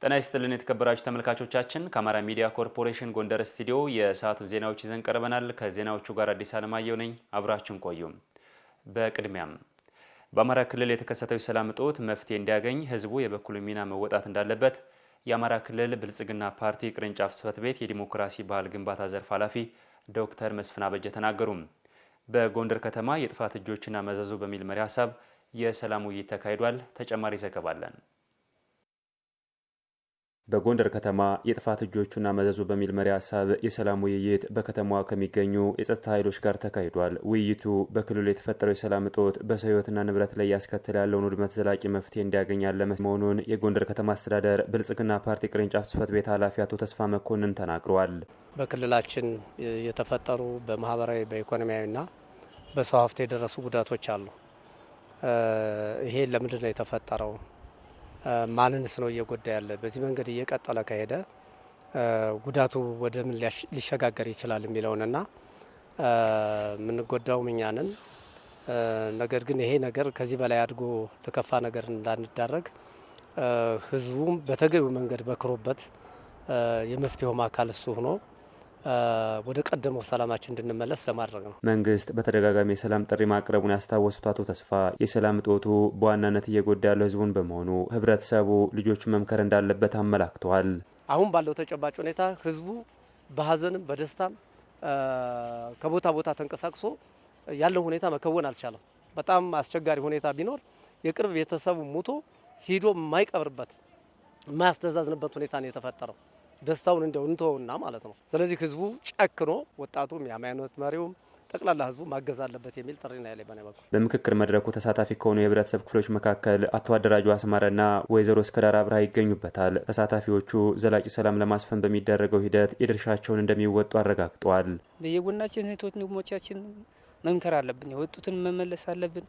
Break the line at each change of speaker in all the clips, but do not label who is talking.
ጤና ይስጥልን የተከበራችሁ ተመልካቾቻችን፣ ከአማራ ሚዲያ ኮርፖሬሽን ጎንደር ስቱዲዮ የሰዓቱን ዜናዎች ይዘን ቀርበናል። ከዜናዎቹ ጋር አዲስ አለማየሁ ነኝ። አብራችን ቆዩ። በቅድሚያም በአማራ ክልል የተከሰተው የሰላም እጦት መፍትሄ እንዲያገኝ ህዝቡ የበኩሉ ሚና መወጣት እንዳለበት የአማራ ክልል ብልጽግና ፓርቲ ቅርንጫፍ ጽህፈት ቤት የዲሞክራሲ ባህል ግንባታ ዘርፍ ኃላፊ ዶክተር መስፍን አበጀ ተናገሩም። በጎንደር ከተማ የጥፋት እጆችና መዘዙ በሚል መሪ ሀሳብ የሰላም ውይይት ተካሂዷል። ተጨማሪ ዘገባ አለን። በጎንደር ከተማ የጥፋት እጆቹና መዘዙ በሚል መሪ ሀሳብ የሰላም ውይይት በከተማዋ ከሚገኙ የጸጥታ ኃይሎች ጋር ተካሂዷል። ውይይቱ በክልሉ የተፈጠረው የሰላም እጦት በሰው ንብረት ላይ ያስከትል ያለውን ውድመት ዘላቂ መፍትሄ እንዲያገኝ ያለመ መሆኑን የጎንደር ከተማ አስተዳደር ብልጽግና ፓርቲ ቅርንጫፍ ጽሕፈት ቤት ኃላፊ አቶ ተስፋ መኮንን ተናግረዋል።
በክልላችን የተፈጠሩ በማህበራዊ በኢኮኖሚያዊና በሰው ሀብት የደረሱ ጉዳቶች አሉ። ይሄ ለምንድን ነው የተፈጠረው? ማንንስ ነው እየጎዳ ያለ? በዚህ መንገድ እየቀጠለ ከሄደ ጉዳቱ ወደ ምን ሊሸጋገር ይችላል የሚለውንና የምንጎዳው እኛንን ነገር ግን ይሄ ነገር ከዚህ በላይ አድጎ ለከፋ ነገር እንዳንዳረግ ህዝቡም በተገቢው መንገድ በክሮበት የመፍትሄውም አካል እሱ ሆኖ ወደ ቀደመው ሰላማችን እንድንመለስ ለማድረግ ነው።
መንግስት በተደጋጋሚ የሰላም ጥሪ ማቅረቡን ያስታወሱት አቶ ተስፋ የሰላም እጦቱ በዋናነት እየጎዳ ያለው ህዝቡን በመሆኑ ህብረተሰቡ ልጆቹን መምከር እንዳለበት አመላክተዋል።
አሁን ባለው ተጨባጭ ሁኔታ ህዝቡ በሀዘንም በደስታም ከቦታ ቦታ ተንቀሳቅሶ ያለው ሁኔታ መከወን አልቻለም። በጣም አስቸጋሪ ሁኔታ ቢኖር የቅርብ ቤተሰቡ ሙቶ ሂዶ የማይቀብርበት የማያስተዛዝንበት ሁኔታ ነው የተፈጠረው። ደስታውን እንደው እንተውና ማለት ነው። ስለዚህ ህዝቡ ጨክኖ ወጣቱም የሃይማኖት መሪውም ጠቅላላ ህዝቡ ማገዝ አለበት የሚል ጥሪ ነው ያለኝ በኔ
በምክክር መድረኩ ተሳታፊ ከሆኑ የህብረተሰብ ክፍሎች መካከል አቶ አደራጁ አስማረና ወይዘሮ እስከዳር አብርሃ ይገኙበታል። ተሳታፊዎቹ ዘላቂ ሰላም ለማስፈን በሚደረገው ሂደት የድርሻቸውን እንደሚወጡ አረጋግጠዋል።
በየጎናችን እህቶች ወንድሞቻችን መምከር አለብን። የወጡትን መመለስ አለብን።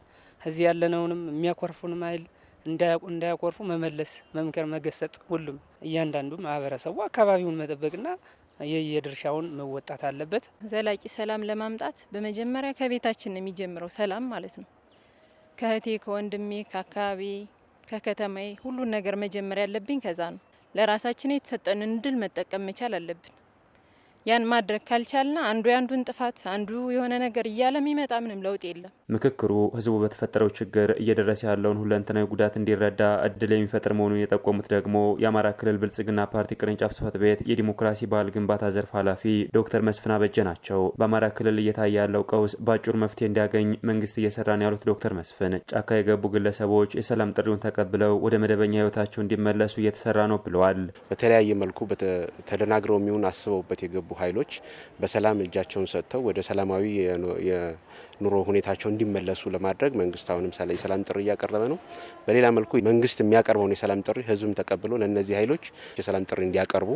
እዚህ ያለነውንም የሚያኮርፉንም አይል እንዳያኮርፉ መመለስ፣ መምከር፣ መገሰጥ ሁሉም እያንዳንዱ ማህበረሰቡ አካባቢውን መጠበቅና የየድርሻውን መወጣት አለበት።
ዘላቂ ሰላም ለማምጣት በመጀመሪያ ከቤታችን ነው የሚጀምረው ሰላም ማለት ነው። ከእህቴ ከወንድሜ፣ ከአካባቢ፣ ከከተማዬ ሁሉን ነገር መጀመሪያ ያለብኝ ከዛ ነው። ለራሳችን የተሰጠንን እድል መጠቀም መቻል አለብን። ያን ማድረግ ካልቻልና አንዱ የአንዱን ጥፋት አንዱ የሆነ ነገር እያለ የሚመጣ ምንም ለውጥ የለም።
ምክክሩ ህዝቡ በተፈጠረው ችግር እየደረሰ ያለውን ሁለንተናዊ ጉዳት እንዲረዳ እድል የሚፈጥር መሆኑን የጠቆሙት ደግሞ የአማራ ክልል ብልጽግና ፓርቲ ቅርንጫፍ ጽህፈት ቤት የዲሞክራሲ ባህል ግንባታ ዘርፍ ኃላፊ ዶክተር መስፍን አበጀ ናቸው። በአማራ ክልል እየታየ ያለው ቀውስ በአጭሩ መፍትሄ እንዲያገኝ መንግስት እየሰራ ነው ያሉት ዶክተር መስፍን ጫካ የገቡ ግለሰቦች የሰላም ጥሪውን ተቀብለው ወደ መደበኛ ህይወታቸው እንዲመለሱ እየተሰራ ነው ብለዋል።
በተለያየ መልኩ ተደናግረው የሚሆን አስበውበት የገቡ የገቡ ኃይሎች በሰላም እጃቸውን ሰጥተው ወደ ሰላማዊ የኑሮ ሁኔታቸው እንዲመለሱ ለማድረግ መንግስት አሁንም የሰላም ጥሪ እያቀረበ ነው። በሌላ መልኩ መንግስት የሚያቀርበውን የሰላም ጥሪ ህዝብም ተቀብሎ ለእነዚህ ኃይሎች የሰላም ጥሪ እንዲያቀርቡ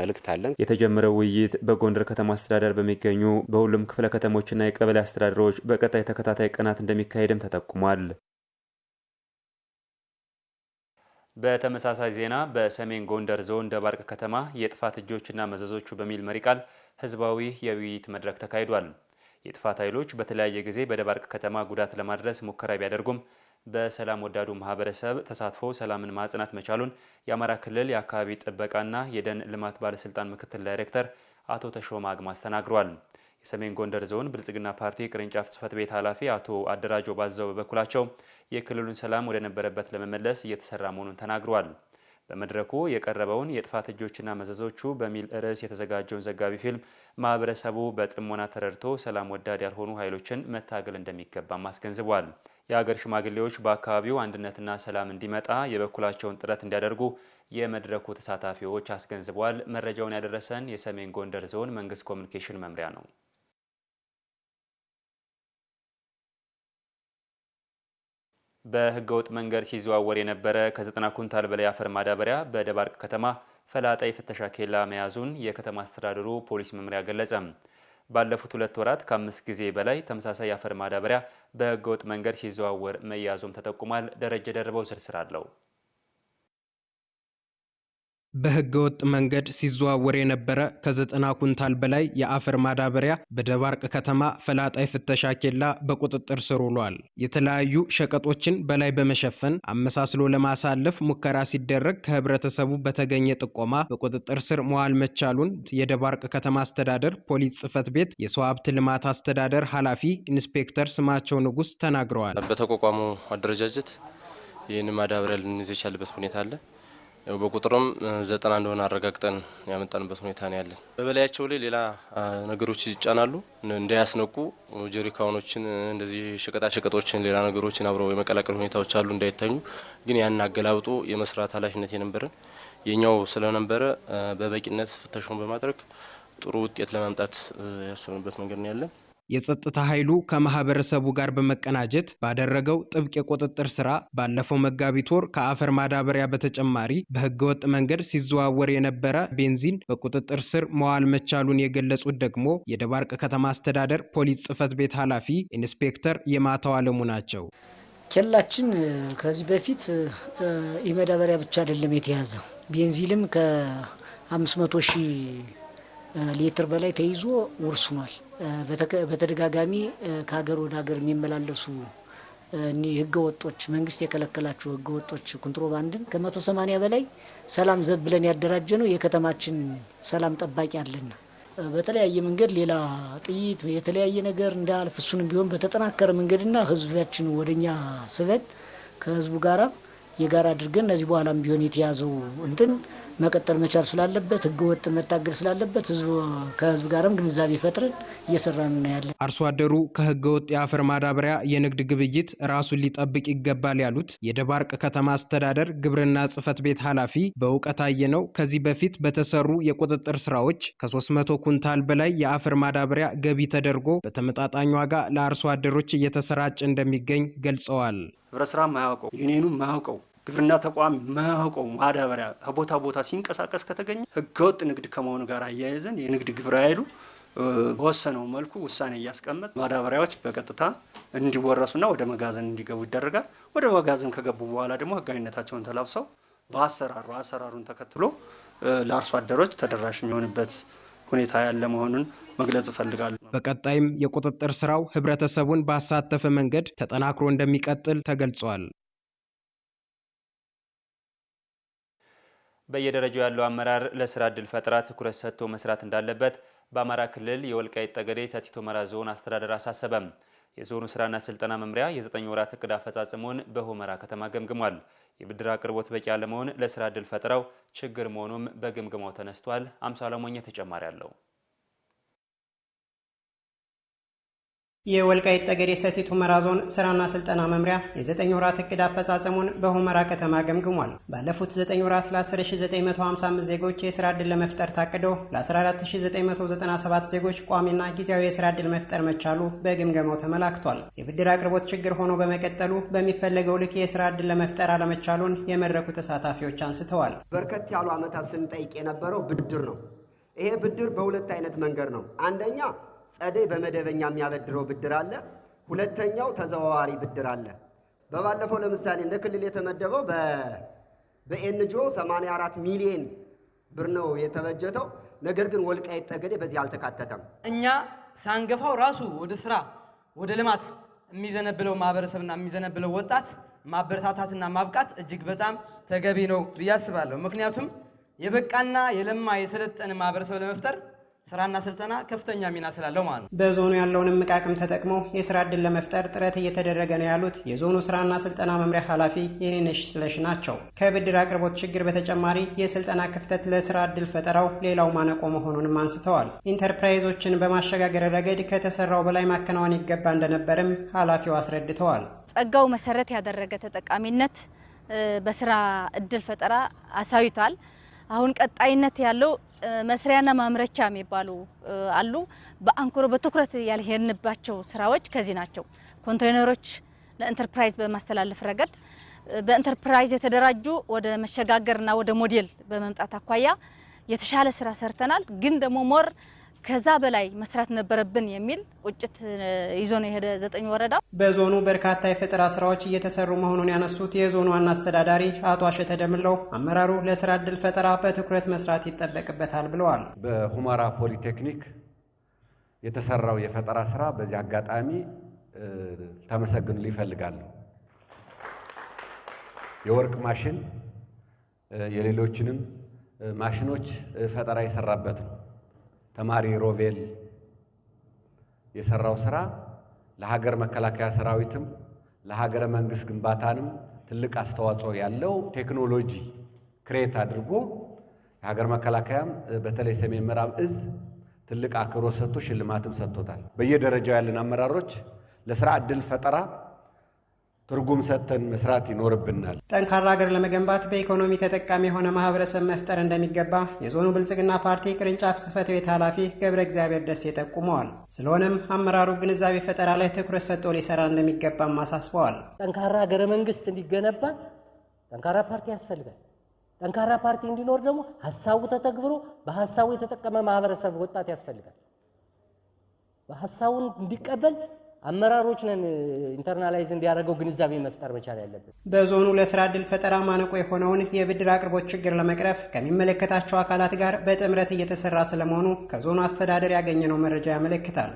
መልእክት አለን።
የተጀመረው ውይይት በጎንደር ከተማ አስተዳደር በሚገኙ በሁሉም ክፍለ ከተሞችና የቀበሌ አስተዳደሮች በቀጣይ ተከታታይ ቀናት እንደሚካሄድም ተጠቁሟል። በተመሳሳይ ዜና በሰሜን ጎንደር ዞን ደባርቅ ከተማ የጥፋት እጆችና መዘዞቹ በሚል መሪ ቃል ህዝባዊ የውይይት መድረክ ተካሂዷል። የጥፋት ኃይሎች በተለያየ ጊዜ በደባርቅ ከተማ ጉዳት ለማድረስ ሙከራ ቢያደርጉም በሰላም ወዳዱ ማህበረሰብ ተሳትፎ ሰላምን ማጽናት መቻሉን የአማራ ክልል የአካባቢ ጥበቃና የደን ልማት ባለስልጣን ምክትል ዳይሬክተር አቶ ተሾማ አግማስ ተናግረዋል። የሰሜን ጎንደር ዞን ብልጽግና ፓርቲ ቅርንጫፍ ጽህፈት ቤት ኃላፊ አቶ አደራጆ ባዘው በበኩላቸው የክልሉን ሰላም ወደነበረበት ለመመለስ እየተሰራ መሆኑን ተናግሯል። በመድረኩ የቀረበውን የጥፋት እጆችና መዘዞቹ በሚል ርዕስ የተዘጋጀውን ዘጋቢ ፊልም ማህበረሰቡ በጥሞና ተረድቶ ሰላም ወዳድ ያልሆኑ ኃይሎችን መታገል እንደሚገባም አስገንዝቧል። የአገር ሽማግሌዎች በአካባቢው አንድነትና ሰላም እንዲመጣ የበኩላቸውን ጥረት እንዲያደርጉ የመድረኩ ተሳታፊዎች አስገንዝቧል። መረጃውን ያደረሰን የሰሜን ጎንደር ዞን መንግስት ኮሚኒኬሽን መምሪያ ነው። በህገወጥ መንገድ ሲዘዋወር የነበረ ከዘጠና ኩንታል በላይ አፈር ማዳበሪያ በደባርቅ ከተማ ፈላጣ የፍተሻ ኬላ መያዙን የከተማ አስተዳደሩ ፖሊስ መምሪያ ገለጸ። ባለፉት ሁለት ወራት ከአምስት ጊዜ በላይ ተመሳሳይ የአፈር ማዳበሪያ በህገወጥ መንገድ ሲዘዋወር መያዙም ተጠቁሟል። ደረጀ ደርበው ዝርዝር አለው። በህገወጥ መንገድ ሲዘዋወር የነበረ ከዘጠና ኩንታል በላይ የአፈር ማዳበሪያ በደባርቅ ከተማ ፈላጣይ ፍተሻ ኬላ በቁጥጥር ስር ውሏል። የተለያዩ ሸቀጦችን በላይ በመሸፈን አመሳስሎ ለማሳለፍ ሙከራ ሲደረግ ከህብረተሰቡ በተገኘ ጥቆማ በቁጥጥር ስር መዋል መቻሉን የደባርቅ ከተማ አስተዳደር ፖሊስ ጽህፈት ቤት የሰው ሀብት ልማት አስተዳደር ኃላፊ ኢንስፔክተር ስማቸው ንጉስ ተናግረዋል። በተቋቋመው አደረጃጀት ይህን ማዳበሪያ ልንይዝ የቻልበት ሁኔታ አለ በቁጥርም ዘጠና እንደሆነ አረጋግጠን ያመጣንበት ሁኔታ ነው ያለን። በበላያቸው ላይ ሌላ ነገሮች ይጫናሉ እንዳያስነቁ ጀሪካኖችን፣ እንደዚህ ሸቀጣሸቀጦችን፣ ሌላ ነገሮችን አብረው የመቀላቀል ሁኔታዎች አሉ እንዳይታኙ። ግን ያን አገላብጦ የመስራት ኃላፊነት የነበረን የኛው ስለነበረ በበቂነት ፍተሻውን በማድረግ ጥሩ ውጤት ለማምጣት ያሰብንበት መንገድ ነው ያለን። የጸጥታ ኃይሉ ከማህበረሰቡ ጋር በመቀናጀት ባደረገው ጥብቅ የቁጥጥር ስራ ባለፈው መጋቢት ወር ከአፈር ማዳበሪያ በተጨማሪ በህገወጥ መንገድ ሲዘዋወር የነበረ ቤንዚን በቁጥጥር ስር መዋል መቻሉን የገለጹት ደግሞ የደባርቅ ከተማ አስተዳደር ፖሊስ ጽህፈት ቤት ኃላፊ ኢንስፔክተር የማተው አለሙ ናቸው። ኬላችን ከዚህ በፊት ይህ መዳበሪያ ብቻ አይደለም የተያዘው ቤንዚንም ከ500 ሺህ ሊትር በላይ ተይዞ ውርስ ሆኗል። በተደጋጋሚ ከሀገር ወደ ሀገር የሚመላለሱ እኒህ ህገወጦች መንግስት የከለከላቸው ህገወጦች ኮንትሮባንድን ከመቶ ሰማኒያ በላይ ሰላም ዘብ ብለን ያደራጀ ነው። የከተማችን ሰላም ጠባቂ አለና በተለያየ መንገድ ሌላ ጥይት የተለያየ ነገር እንዳልፍ እሱንም ቢሆን በተጠናከረ መንገድና ህዝባችን ወደኛ ስበን ከህዝቡ ጋራ የጋራ አድርገን እነዚህ በኋላም ቢሆን የተያዘው እንትን መቀጠል መቻል ስላለበት ህገ ወጥ መታገል ስላለበት ከህዝብ ጋርም ግንዛቤ ፈጥረን እየሰራን ነው ያለን። አርሶ አደሩ ከህገ ወጥ የአፈር ማዳበሪያ የንግድ ግብይት ራሱን ሊጠብቅ ይገባል ያሉት የደባርቅ ከተማ አስተዳደር ግብርና ጽህፈት ቤት ኃላፊ በእውቀት አየነው ከዚህ በፊት በተሰሩ የቁጥጥር ስራዎች ከ300 ኩንታል በላይ የአፈር ማዳበሪያ ገቢ ተደርጎ በተመጣጣኝ ዋጋ ለአርሶ አደሮች እየተሰራጨ እንደሚገኝ ገልጸዋል። ህብረት ስራ ማያውቀው ዩኒየኑ ማያውቀው ግብርና ተቋም መቆም ማዳበሪያ ከቦታ ቦታ ሲንቀሳቀስ ከተገኘ ህገወጥ ንግድ ከመሆኑ ጋር አያይዘን የንግድ ግብረ ኃይሉ በወሰነው መልኩ ውሳኔ እያስቀመጥ ማዳበሪያዎች በቀጥታ እንዲወረሱና ወደ መጋዘን እንዲገቡ ይደረጋል። ወደ መጋዘን ከገቡ በኋላ ደግሞ ህጋዊነታቸውን ተላብሰው በአሰራሩ አሰራሩን ተከትሎ ለአርሶ አደሮች ተደራሽ የሚሆንበት ሁኔታ ያለ መሆኑን መግለጽ እፈልጋለሁ። በቀጣይም የቁጥጥር ስራው ህብረተሰቡን ባሳተፈ መንገድ ተጠናክሮ እንደሚቀጥል ተገልጿል። በየደረጃው ያለው አመራር ለስራ እድል ፈጠራ ትኩረት ሰጥቶ መስራት እንዳለበት በአማራ ክልል የወልቃይት ጠገዴ ሰቲት ሁመራ ዞን አስተዳደር አሳሰበም። የዞኑ ስራና ስልጠና መምሪያ የዘጠኝ ወራት እቅድ አፈጻጸሙን በሁመራ ከተማ ገምግሟል። የብድር አቅርቦት በቂ አለመሆን ለስራ እድል ፈጠራው ችግር መሆኑም በግምግማው ተነስቷል። አምሳ አለሞኘ ተጨማሪ አለው። የወልቃይት ጠገዴ ሰቲት ሁመራ ዞን ስራና ስልጠና መምሪያ የዘጠኝ ወራት እቅድ አፈጻጸሙን በሁመራ ከተማ ገምግሟል። ባለፉት ዘጠኝ ወራት ለ10955 ዜጎች የስራ ዕድል ለመፍጠር ታቅዶ ለ14997 ዜጎች ቋሚና ጊዜያዊ የስራ ዕድል መፍጠር መቻሉ በግምገማው ተመላክቷል። የብድር አቅርቦት ችግር ሆኖ በመቀጠሉ በሚፈለገው ልክ የስራ ዕድል ለመፍጠር አለመቻሉን የመድረኩ ተሳታፊዎች አንስተዋል። በርከት ያሉ ዓመታት ስንጠይቅ የነበረው ብድር ነው። ይሄ ብድር በሁለት አይነት መንገድ ነው። አንደኛ ጸደይ በመደበኛ የሚያበድረው ብድር አለ። ሁለተኛው ተዘዋዋሪ ብድር አለ። በባለፈው ለምሳሌ እንደ ክልል የተመደበው በኤንጂኦ 84 ሚሊዮን ብር ነው የተበጀተው። ነገር ግን ወልቃይት ጠገዴ በዚህ አልተካተተም። እኛ ሳንገፋው ራሱ ወደ ስራ ወደ ልማት የሚዘነብለው ማህበረሰብና የሚዘነብለው ወጣት ማበረታታትና ማብቃት እጅግ በጣም ተገቢ ነው ብዬ አስባለሁ። ምክንያቱም የበቃና የለማ የሰለጠነ ማህበረሰብ ለመፍጠር ስራና ስልጠና ከፍተኛ ሚና ስላለው ማለት ነው። በዞኑ ያለውን እምቅ አቅም ተጠቅሞ የስራ እድል ለመፍጠር ጥረት እየተደረገ ነው ያሉት የዞኑ ስራና ስልጠና መምሪያ ኃላፊ የኔነሽ ስለሽ ናቸው። ከብድር አቅርቦት ችግር በተጨማሪ የስልጠና ክፍተት ለስራ እድል ፈጠራው ሌላው ማነቆ መሆኑንም አንስተዋል። ኢንተርፕራይዞችን በማሸጋገር ረገድ ከተሰራው በላይ ማከናወን ይገባ እንደነበርም ኃላፊው አስረድተዋል። ጸጋው መሰረት ያደረገ ተጠቃሚነት በስራ እድል ፈጠራ አሳይቷል። አሁን ቀጣይነት ያለው መስሪያና ማምረቻ የሚባሉ አሉ። በአንክሮ በትኩረት ያልሄድንባቸው ስራዎች ከዚህ ናቸው። ኮንቴይነሮች ለኢንተርፕራይዝ በማስተላለፍ ረገድ በኢንተርፕራይዝ የተደራጁ ወደ መሸጋገርና ወደ ሞዴል በመምጣት አኳያ የተሻለ ስራ ሰርተናል። ግን ደግሞ ሞር ከዛ በላይ መስራት ነበረብን የሚል ቁጭት ይዞ ነው የሄደ ዘጠኝ ወረዳ። በዞኑ በርካታ የፈጠራ ስራዎች እየተሰሩ መሆኑን ያነሱት የዞኑ ዋና አስተዳዳሪ አቶ አሸተ ደምለው አመራሩ ለስራ እድል ፈጠራ በትኩረት መስራት ይጠበቅበታል ብለዋል። በሁመራ ፖሊቴክኒክ የተሰራው የፈጠራ ስራ በዚህ አጋጣሚ ተመሰግኑ ይፈልጋሉ። የወርቅ ማሽን የሌሎችንም ማሽኖች ፈጠራ የሰራበት ነው። ተማሪ ሮቬል የሰራው ስራ ለሀገር መከላከያ ሰራዊትም ለሀገረ መንግስት ግንባታንም ትልቅ አስተዋጽኦ ያለው ቴክኖሎጂ ክሬት አድርጎ የሀገር መከላከያም በተለይ ሰሜን ምዕራብ እዝ ትልቅ አክብሮት ሰጥቶ ሽልማትም ሰጥቶታል። በየደረጃው ያለን አመራሮች ለስራ ዕድል ፈጠራ ትርጉም ሰጥተን መስራት ይኖርብናል። ጠንካራ ሀገር ለመገንባት በኢኮኖሚ ተጠቃሚ የሆነ ማህበረሰብ መፍጠር እንደሚገባ የዞኑ ብልጽግና ፓርቲ ቅርንጫፍ ጽህፈት ቤት ኃላፊ ገብረ እግዚአብሔር ደሴ ጠቁመዋል። ስለሆነም አመራሩ ግንዛቤ ፈጠራ ላይ ትኩረት ሰጥቶ ሊሰራ እንደሚገባም አሳስበዋል። ጠንካራ ሀገረ መንግስት እንዲገነባ ጠንካራ ፓርቲ ያስፈልጋል። ጠንካራ ፓርቲ እንዲኖር ደግሞ ሀሳቡ ተተግብሮ በሀሳቡ የተጠቀመ ማህበረሰብ ወጣት ያስፈልጋል። በሀሳቡን እንዲቀበል አመራሮች ነን ኢንተርናላይዝ እንዲያደርገው ግንዛቤ መፍጠር መቻል ያለብን። በዞኑ ለስራ እድል ፈጠራ ማነቆ የሆነውን የብድር አቅርቦት ችግር ለመቅረፍ ከሚመለከታቸው አካላት ጋር በጥምረት እየተሰራ ስለመሆኑ ከዞኑ አስተዳደር ያገኘነው መረጃ ያመለክታል።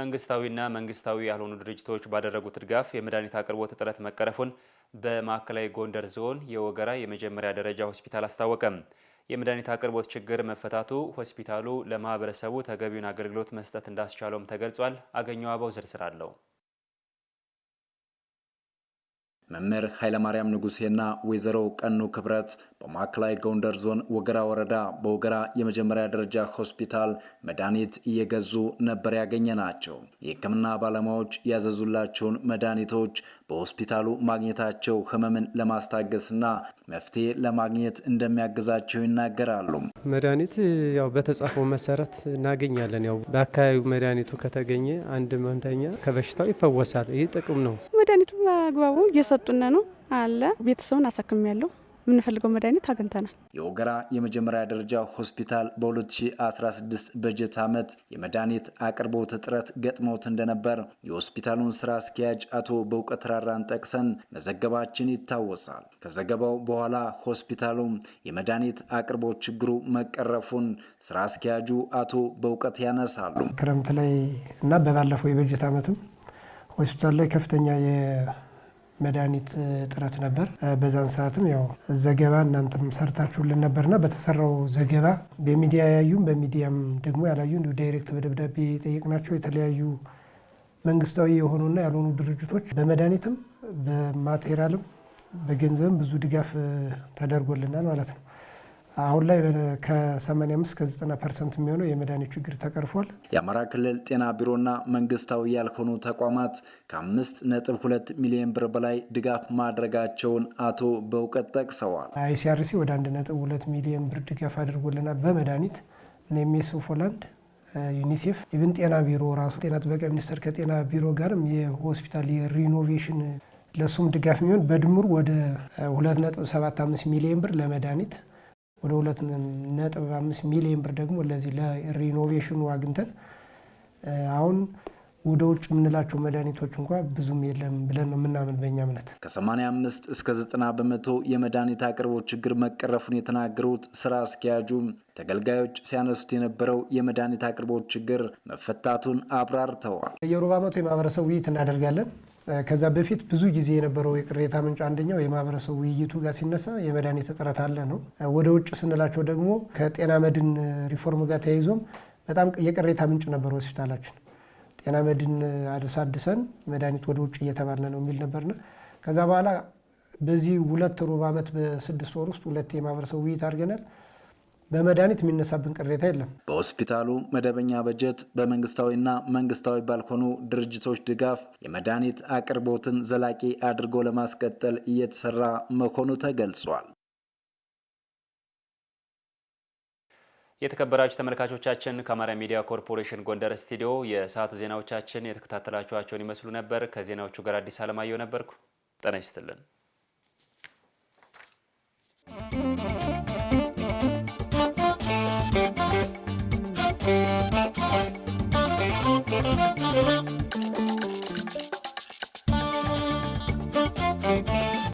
መንግስታዊና መንግስታዊ ያልሆኑ ድርጅቶች ባደረጉት ድጋፍ የመድኃኒት አቅርቦት እጥረት መቀረፉን በማዕከላዊ ጎንደር ዞን የወገራ የመጀመሪያ ደረጃ ሆስፒታል አስታወቀም። የመድኃኒት አቅርቦት ችግር መፈታቱ ሆስፒታሉ ለማህበረሰቡ ተገቢውን አገልግሎት መስጠት እንዳስቻለውም ተገልጿል። አገኘው አበው ዝርዝር አለው። መምህር ኃይለማርያም ንጉሴና ወይዘሮ ቀኑ ክብረት በማዕከላዊ ጎንደር ዞን ወገራ ወረዳ በወገራ የመጀመሪያ ደረጃ ሆስፒታል መድኃኒት እየገዙ ነበር ናቸው። የሕክምና ባለሙያዎች ያዘዙላቸውን መድኃኒቶች በሆስፒታሉ ማግኘታቸው ህመምን ለማስታገስና መፍትሄ ለማግኘት እንደሚያግዛቸው ይናገራሉ። መድኃኒት ያው በተጻፈው መሰረት እናገኛለን። ያው በአካባቢው መድኃኒቱ ከተገኘ አንድ ህመምተኛ ከበሽታው ይፈወሳል። ይህ ጥቅም ነው። መድኃኒቱ በአግባቡ እየሰጡነ ነው አለ ቤተሰቡን አሳክም ያለው የምንፈልገው መድኃኒት አግኝተናል። የወገራ የመጀመሪያ ደረጃ ሆስፒታል በ2016 በጀት ዓመት የመድኃኒት አቅርቦት እጥረት ገጥሞት እንደነበር የሆስፒታሉን ስራ አስኪያጅ አቶ በእውቀት ራራን ጠቅሰን መዘገባችን ይታወሳል። ከዘገባው በኋላ ሆስፒታሉ የመድኃኒት አቅርቦት ችግሩ መቀረፉን ስራ አስኪያጁ አቶ በእውቀት ያነሳሉ። ክረምት ላይ እና በባለፈው የበጀት ዓመትም ሆስፒታል ላይ ከፍተኛ መድኃኒት እጥረት ነበር። በዛን ሰዓትም ያው ዘገባ እናንተም ሰርታችሁልን ነበርና በተሰራው ዘገባ በሚዲያ ያዩም በሚዲያም ደግሞ ያላዩ እንዲሁ ዳይሬክት በደብዳቤ የጠየቅናቸው የተለያዩ መንግስታዊ የሆኑና ያልሆኑ ድርጅቶች በመድኃኒትም በማቴሪያልም በገንዘብም ብዙ ድጋፍ ተደርጎልናል ማለት ነው። አሁን ላይ ከ85 እስከ 90 ፐርሰንት የሚሆነው የመድኃኒት ችግር ተቀርፏል። የአማራ ክልል ጤና ቢሮና መንግስታዊ ያልሆኑ ተቋማት ከ ነጥብ ሚሊዮን ብር በላይ ድጋፍ ማድረጋቸውን አቶ በእውቀት ጠቅሰዋል። አይሲአርሲ ወደ 1.2 ሚሊዮን ብር ድጋፍ አድርጎልናል በመድኃኒት ኔሜሶ ፎላንድ ዩኒሴፍ ኢብን ጤና ቢሮ ራሱ ጤና ጥበቃ ሚኒስቴር ከጤና ቢሮ ጋርም የሆስፒታል የሪኖቬሽን ለእሱም ድጋፍ የሚሆን በድምሩ ወደ 2.75 ሚሊዮን ብር ለመድኃኒት ወደ ሁለት ነጥብ አምስት ሚሊዮን ብር ደግሞ ለዚህ ለሪኖቬሽኑ አግኝተን አሁን ወደ ውጭ የምንላቸው መድኃኒቶች እንኳ ብዙም የለም ብለን ነው የምናምን። በእኛ እምነት ከ85 እስከ 90 በመቶ የመድኃኒት አቅርቦት ችግር መቀረፉን የተናገሩት ስራ አስኪያጁ ተገልጋዮች ሲያነሱት የነበረው የመድኃኒት አቅርቦት ችግር መፈታቱን አብራርተዋል። የሩብ ዓመቱ የማህበረሰብ ውይይት እናደርጋለን። ከዛ በፊት ብዙ ጊዜ የነበረው የቅሬታ ምንጭ አንደኛው የማህበረሰቡ ውይይቱ ጋር ሲነሳ የመድኃኒት እጥረት አለ ነው። ወደ ውጭ ስንላቸው ደግሞ ከጤና መድን ሪፎርም ጋር ተያይዞም በጣም የቅሬታ ምንጭ ነበር ሆስፒታላችን። ጤና መድን አሳድሰን መድኃኒት ወደ ውጭ እየተባለ ነው የሚል ነበርና ከዛ በኋላ በዚህ ሁለት ሩብ ዓመት በስድስት ወር ውስጥ ሁለት የማህበረሰብ ውይይት አድርገናል። በመድኃኒት የሚነሳብን ቅሬታ የለም። በሆስፒታሉ መደበኛ በጀት በመንግስታዊና መንግስታዊ ባልሆኑ ድርጅቶች ድጋፍ የመድኃኒት አቅርቦትን ዘላቂ አድርጎ ለማስቀጠል እየተሰራ መሆኑ ተገልጿል። የተከበራችሁ ተመልካቾቻችን ከአማራ ሚዲያ ኮርፖሬሽን ጎንደር ስቱዲዮ የሰዓት ዜናዎቻችን የተከታተላችኋቸውን ይመስሉ ነበር። ከዜናዎቹ ጋር አዲስ አለማየሁ ነበርኩ። ጤና ይስጥልን።